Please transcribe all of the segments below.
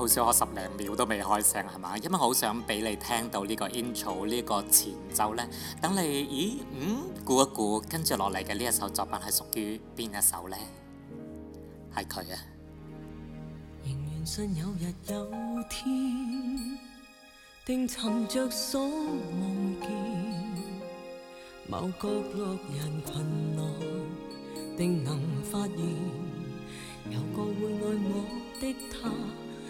好少我十零秒都未開聲係嘛，因為好想俾你聽到呢個 intro 呢個前奏呢，等你咦嗯估一估跟住落嚟嘅呢一首作品係屬於邊一首呢？係佢啊！仍然信有日有天，定尋著所望見，某角落人群內，定能發現有個會愛我的他。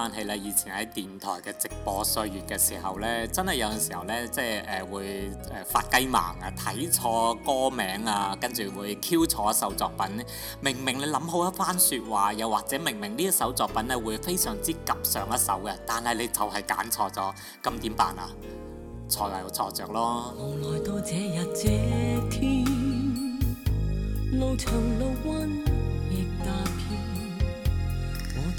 關係啦，以前喺電台嘅直播歲月嘅時候咧，真係有陣時候咧，即係誒、呃、會誒發雞盲啊，睇錯歌名啊，跟住會 Q 錯一首作品。明明你諗好一番説話，又或者明明呢一首作品咧會非常之夾上一首嘅，但係你就係揀錯咗，咁點辦啊？錯又錯着咯。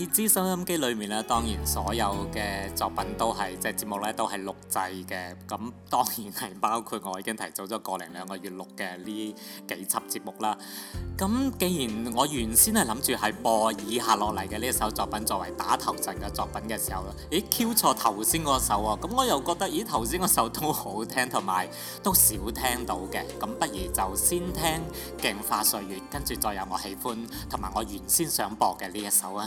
呢支收音機裏面咧，當然所有嘅作品都係即係節目咧都係錄製嘅，咁當然係包括我已經提早咗過零兩個月錄嘅呢幾輯節目啦。咁既然我原先係諗住係播以下落嚟嘅呢一首作品作為打頭陣嘅作品嘅時候咧，咦 Q 錯頭先嗰首啊！咁我又覺得咦頭先嗰首都好聽，同埋都少聽到嘅，咁不如就先聽鏡花水月，跟住再有我喜歡同埋我原先想播嘅呢一首啊！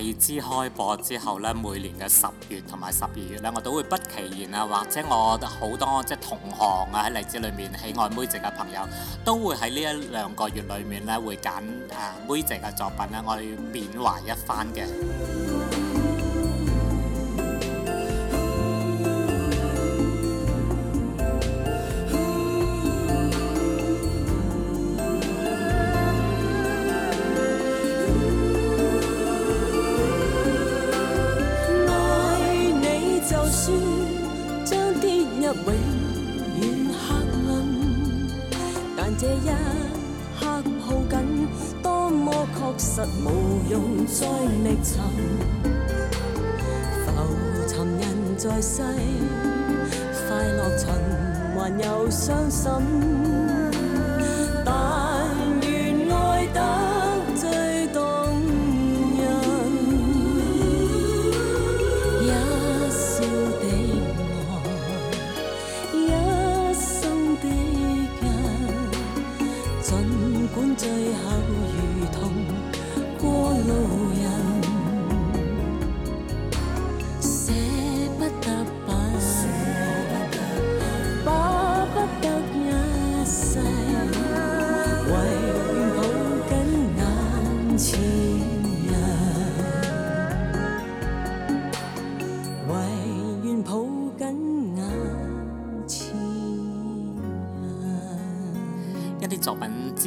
荔枝開播之後咧，每年嘅十月同埋十二月咧，我都會不期然啊，或者我好多即係同行啊，喺荔枝裏面喜愛妹仔嘅朋友，都會喺呢一兩個月裏面咧，會揀啊妹仔嘅作品咧，我哋去緬懷一番嘅。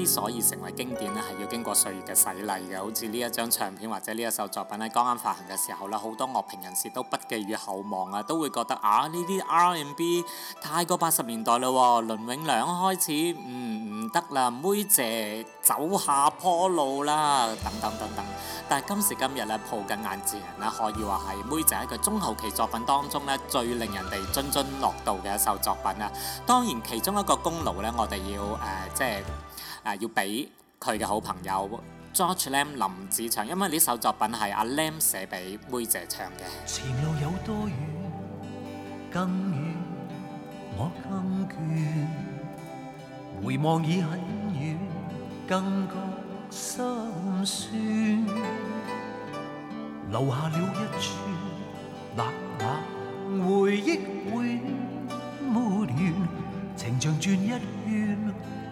所以成為經典咧，係要經過歲月嘅洗禮嘅。好似呢一張唱片或者呢一首作品咧，剛啱發行嘅時候咧，好多樂評人士都不寄予厚望啊，都會覺得啊，呢啲 R&B 太過八十年代嘞，倫永亮開始唔唔、嗯、得啦，梅姐走下坡路啦等等等等。但係今時今日咧，抱緊眼前人咧，可以話係梅姐一個中後期作品當中咧，最令人哋津津樂道嘅一首作品啦。當然，其中一個功勞咧，我哋要誒、呃、即係。誒要俾佢嘅好朋友 George Lam、林子祥，因為呢首作品係阿 Lam 寫俾妹姐唱嘅。前路有多遠，更遠我更倦，回望已很遠，更覺心酸，留下了一串冷冷回憶，回憶情像轉一圈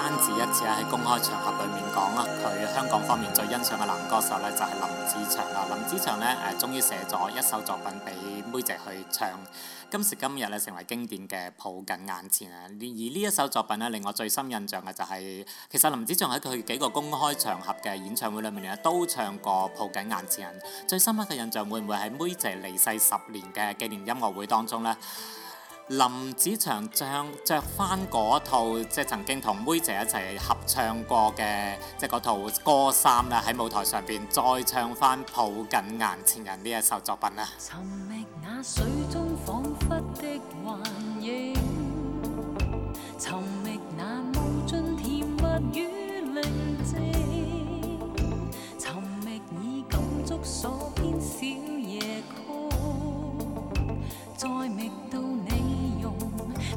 單止一次喺公開場合裏面講啦，佢香港方面最欣賞嘅男歌手呢，就係林子祥啦。林子祥呢，誒終於寫咗一首作品俾妹姐去唱，今時今日咧成為經典嘅抱緊眼前人。而呢一首作品呢，令我最深印象嘅就係、是，其實林子祥喺佢幾個公開場合嘅演唱會裏面咧都唱過抱緊眼前人。最深刻嘅印象會唔會喺妹姐離世十年嘅紀念音樂會當中呢？林子祥着着翻嗰套即係曾經同妹姐一齊合唱過嘅，即係嗰套歌衫啦，喺舞台上邊再唱翻《抱緊眼前人》呢一首作品啦。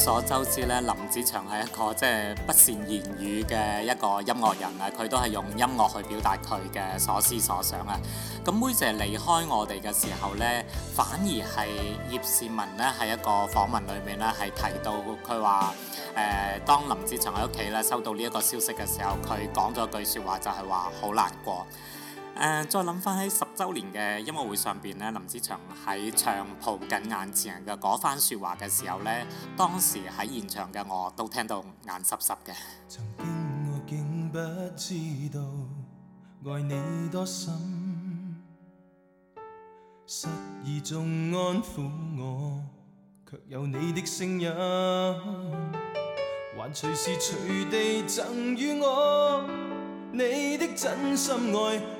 所周知咧，林子祥係一個即係不善言語嘅一個音樂人啊，佢都係用音樂去表達佢嘅所思所想啊。咁妹姐離開我哋嘅時候咧，反而係葉倩文咧喺一個訪問裏面咧係提到佢話誒，當林子祥喺屋企咧收到呢一個消息嘅時候，佢講咗句説話就係話好難過。誒，再諗返喺十週年嘅音樂會上面咧，林子祥喺唱抱緊眼前人嘅嗰番説話嘅時候咧，當時喺現場嘅我都聽到眼濕濕嘅。曾經我竟不知道愛你多深，失意中安撫我，卻有你的聲音，還隨時隨地贈予我你的真心愛。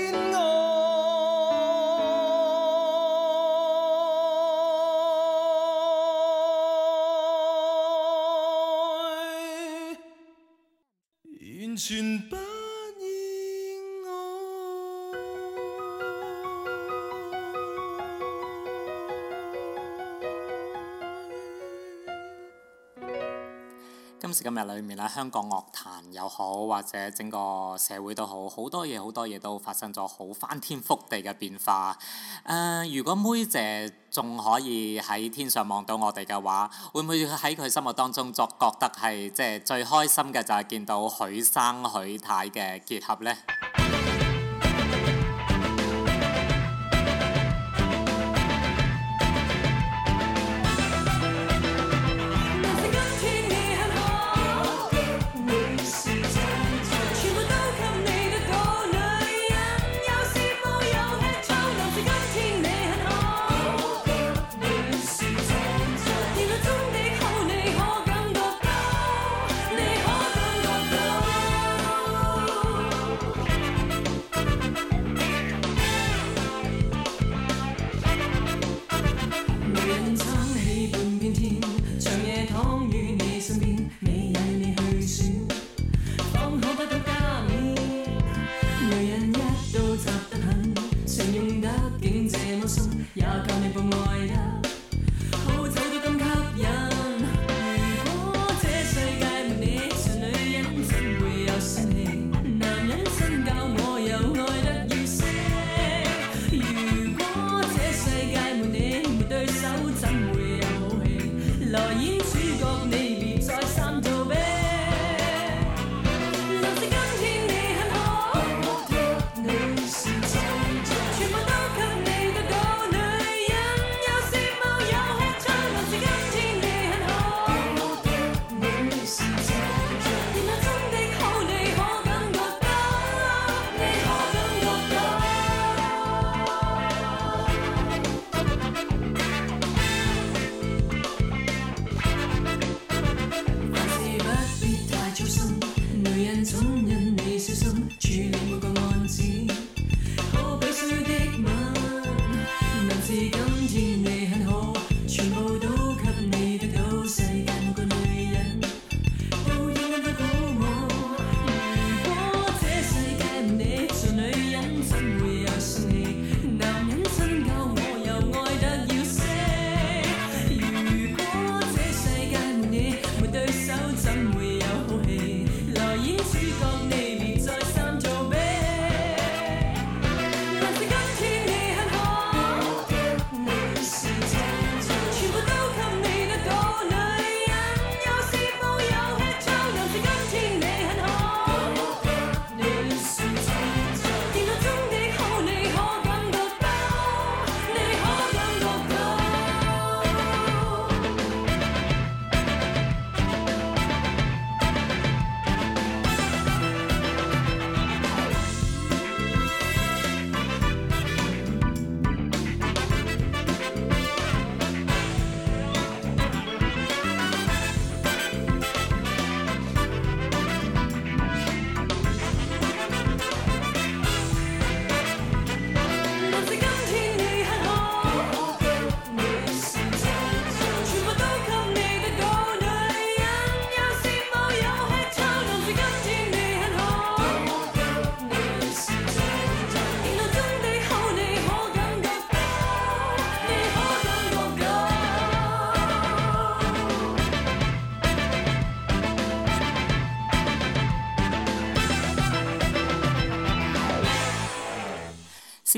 今日裏面啦，香港樂壇又好，或者整個社會都好，好多嘢好多嘢都發生咗好翻天覆地嘅變化。誒、呃，如果妹姐仲可以喺天上望到我哋嘅話，會唔會喺佢心目當中作覺得係即係最開心嘅就係見到許生許太嘅結合呢？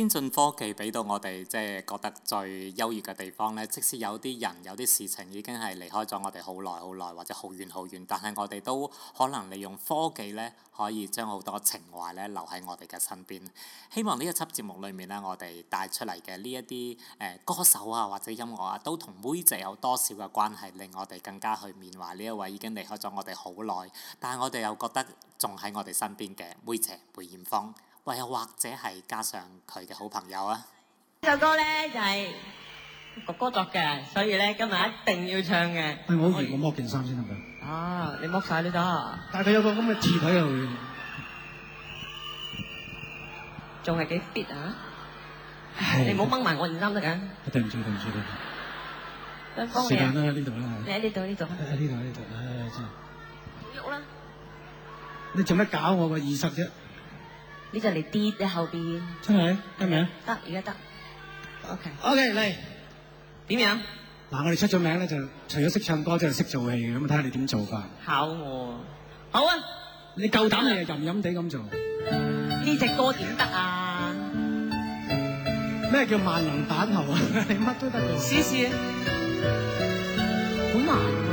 先進科技俾到我哋，即係覺得最優越嘅地方呢。即使有啲人有啲事情已經係離開咗我哋好耐好耐，或者好遠好遠，但係我哋都可能利用科技呢，可以將好多情懷呢留喺我哋嘅身邊。希望呢一輯節目裏面呢，我哋帶出嚟嘅呢一啲誒歌手啊，或者音樂啊，都同妹姐有多少嘅關係，令我哋更加去緬懷呢一位已經離開咗我哋好耐，但係我哋又覺得仲喺我哋身邊嘅妹姐梅艷芳。喂，或者係加上佢嘅好朋友啊！呢首歌咧就係哥哥作嘅，所以咧今日一定要唱嘅。我我剝件衫先得唔得啊？你剝晒都得。但係佢有個咁嘅鐵腿啊！佢仲係幾 fit 啊？你唔好掹埋我件衫得唔得？我對唔住，對唔住，對唔住。時間啦，呢度啦，喺呢度呢度。喺呢度呢度，唉真係。唔喐啦！你做咩搞我個意識啫？你就嚟跌，你後邊聽唔聽得明？得，而家得。OK，OK，okay. okay，嚟點樣？嗱，我哋出咗名咧，就除咗識唱歌，即係識做戲咁啊，睇下你點做法。考我，啊，好啊！你夠膽、嗯、你就吟吟地咁做。呢隻歌點得啊？咩叫萬能版頭啊？ 你乜都得做。試試，好難。